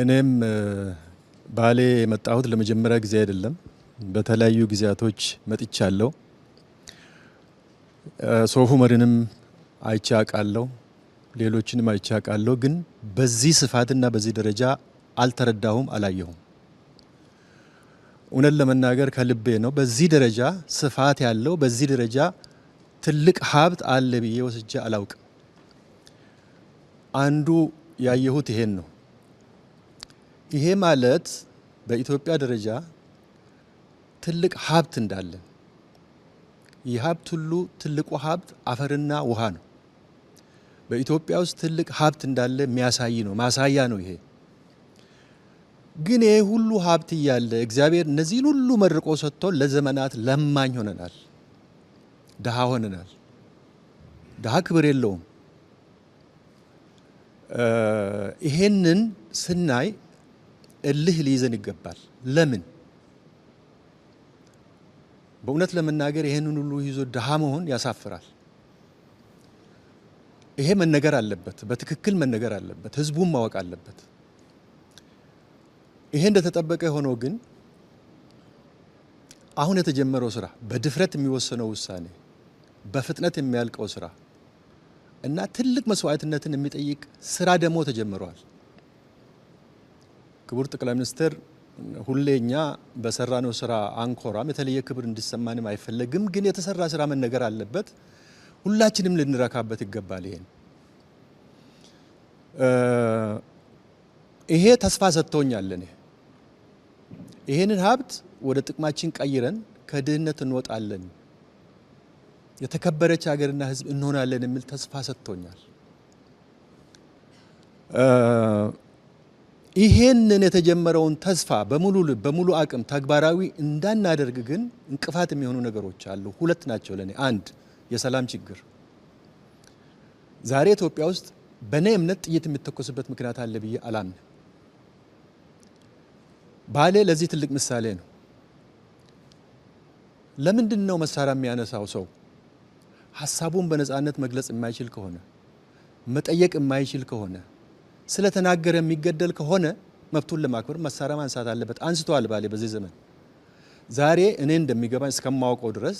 እኔም ባሌ የመጣሁት ለመጀመሪያ ጊዜ አይደለም። በተለያዩ ጊዜያቶች መጥቻለሁ። ሶፉ መሪንም አይቼ አውቃለሁ፣ ሌሎችንም አይቼ ግን በዚህ ስፋትና በዚህ ደረጃ አልተረዳሁም፣ አላየሁም። እውነት ለመናገር ከልቤ ነው። በዚህ ደረጃ ስፋት ያለው በዚህ ደረጃ ትልቅ ሀብት አለ ብዬ ወስጄ አላውቅም። አንዱ ያየሁት ይሄን ነው። ይሄ ማለት በኢትዮጵያ ደረጃ ትልቅ ሀብት እንዳለን ይህ ሀብት ሁሉ ትልቁ ሀብት አፈርና ውሃ ነው። በኢትዮጵያ ውስጥ ትልቅ ሀብት እንዳለ የሚያሳይ ነው፣ ማሳያ ነው። ይሄ ግን ይሄ ሁሉ ሀብት እያለ እግዚአብሔር እነዚህን ሁሉ መርቆ ሰጥቶ ለዘመናት ለማኝ ሆነናል፣ ድሃ ሆነናል። ድሃ ክብር የለውም። ይሄንን ስናይ እልህ ሊይዘን ይገባል። ለምን በእውነት ለመናገር ይህንን ሁሉ ይዞ ድሃ መሆን ያሳፍራል። ይሄ መነገር አለበት፣ በትክክል መነገር አለበት፣ ህዝቡም ማወቅ አለበት። ይሄ እንደተጠበቀ ሆኖ ግን አሁን የተጀመረው ስራ በድፍረት የሚወሰነው ውሳኔ፣ በፍጥነት የሚያልቀው ስራ እና ትልቅ መስዋዕትነትን የሚጠይቅ ስራ ደግሞ ተጀምረዋል። ክቡር ጠቅላይ ሚኒስትር ሁሌ እኛ በሰራነው ስራ አንኮራም፣ የተለየ ክብር እንዲሰማንም አይፈለግም። ግን የተሰራ ስራ መነገር አለበት። ሁላችንም ልንረካበት ይገባል። ይሄን ይሄ ተስፋ ሰጥቶኛል። እኔ ይሄንን ሀብት ወደ ጥቅማችን ቀይረን ከድህነት እንወጣለን፣ የተከበረች ሀገርና ህዝብ እንሆናለን የሚል ተስፋ ሰጥቶኛል። ይሄንን የተጀመረውን ተስፋ በሙሉ ልብ በሙሉ አቅም ተግባራዊ እንዳናደርግ ግን እንቅፋት የሚሆኑ ነገሮች አሉ። ሁለት ናቸው ለእኔ። አንድ የሰላም ችግር። ዛሬ ኢትዮጵያ ውስጥ በእኔ እምነት ጥይት የሚተኮስበት ምክንያት አለ ብዬ አላምን። ባሌ ለዚህ ትልቅ ምሳሌ ነው። ለምንድን ነው መሳሪያ የሚያነሳው ሰው ሀሳቡን በነፃነት መግለጽ የማይችል ከሆነ መጠየቅ የማይችል ከሆነ ስለተናገረ የሚገደል ከሆነ መብቱን ለማክበር መሳሪያ ማንሳት አለበት። አንስተዋል ባሌ በዚህ ዘመን ዛሬ እኔ እንደሚገባኝ እስከማውቀው ድረስ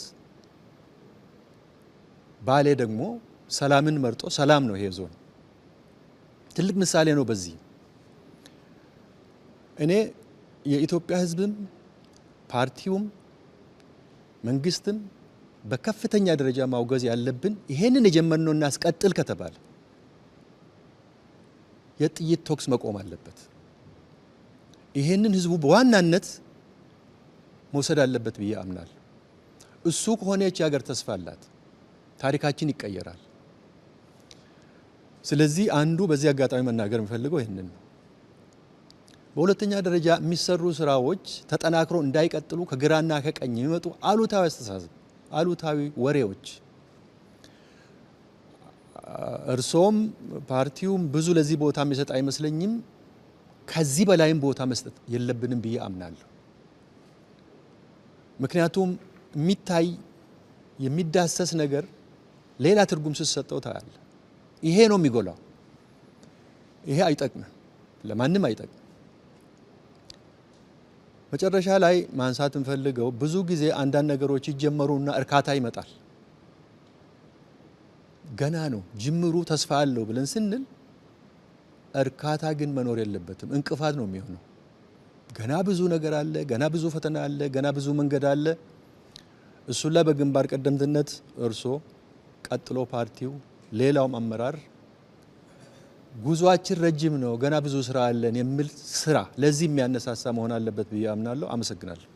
ባሌ ደግሞ ሰላምን መርጦ ሰላም ነው ይሄ ዞን ትልቅ ምሳሌ ነው። በዚህ እኔ የኢትዮጵያ ሕዝብም ፓርቲውም መንግስትም በከፍተኛ ደረጃ ማውገዝ ያለብን ይሄንን የጀመርነው እናስቀጥል ከተባለ የጥይት ተኩስ መቆም አለበት። ይሄንን ህዝቡ በዋናነት መውሰድ አለበት ብዬ አምናል። እሱ ከሆነ ይቺ ሀገር ተስፋ አላት፣ ታሪካችን ይቀየራል። ስለዚህ አንዱ በዚህ አጋጣሚ መናገር የሚፈልገው ይህንን ነው። በሁለተኛ ደረጃ የሚሰሩ ስራዎች ተጠናክሮ እንዳይቀጥሉ ከግራና ከቀኝ የሚመጡ አሉታዊ አስተሳሰብ፣ አሉታዊ ወሬዎች እርሶም ፓርቲውም ብዙ ለዚህ ቦታ የሚሰጥ አይመስለኝም። ከዚህ በላይም ቦታ መስጠት የለብንም ብዬ አምናለሁ። ምክንያቱም የሚታይ የሚዳሰስ ነገር ሌላ ትርጉም ስትሰጠው ታያለ። ይሄ ነው የሚጎላው። ይሄ አይጠቅምም፣ ለማንም አይጠቅምም። መጨረሻ ላይ ማንሳት እንፈልገው ብዙ ጊዜ አንዳንድ ነገሮች ይጀመሩና እርካታ ይመጣል። ገና ነው ጅምሩ፣ ተስፋ አለው ብለን ስንል እርካታ ግን መኖር የለበትም፣ እንቅፋት ነው የሚሆነው። ገና ብዙ ነገር አለ፣ ገና ብዙ ፈተና አለ፣ ገና ብዙ መንገድ አለ። እሱን ላይ በግንባር ቀደምትነት እርሶ፣ ቀጥሎ ፓርቲው፣ ሌላውም አመራር ጉዟችን ረጅም ነው፣ ገና ብዙ ስራ አለን የሚል ስራ ለዚህ የሚያነሳሳ መሆን አለበት ብዬ አምናለሁ። አመሰግናለሁ።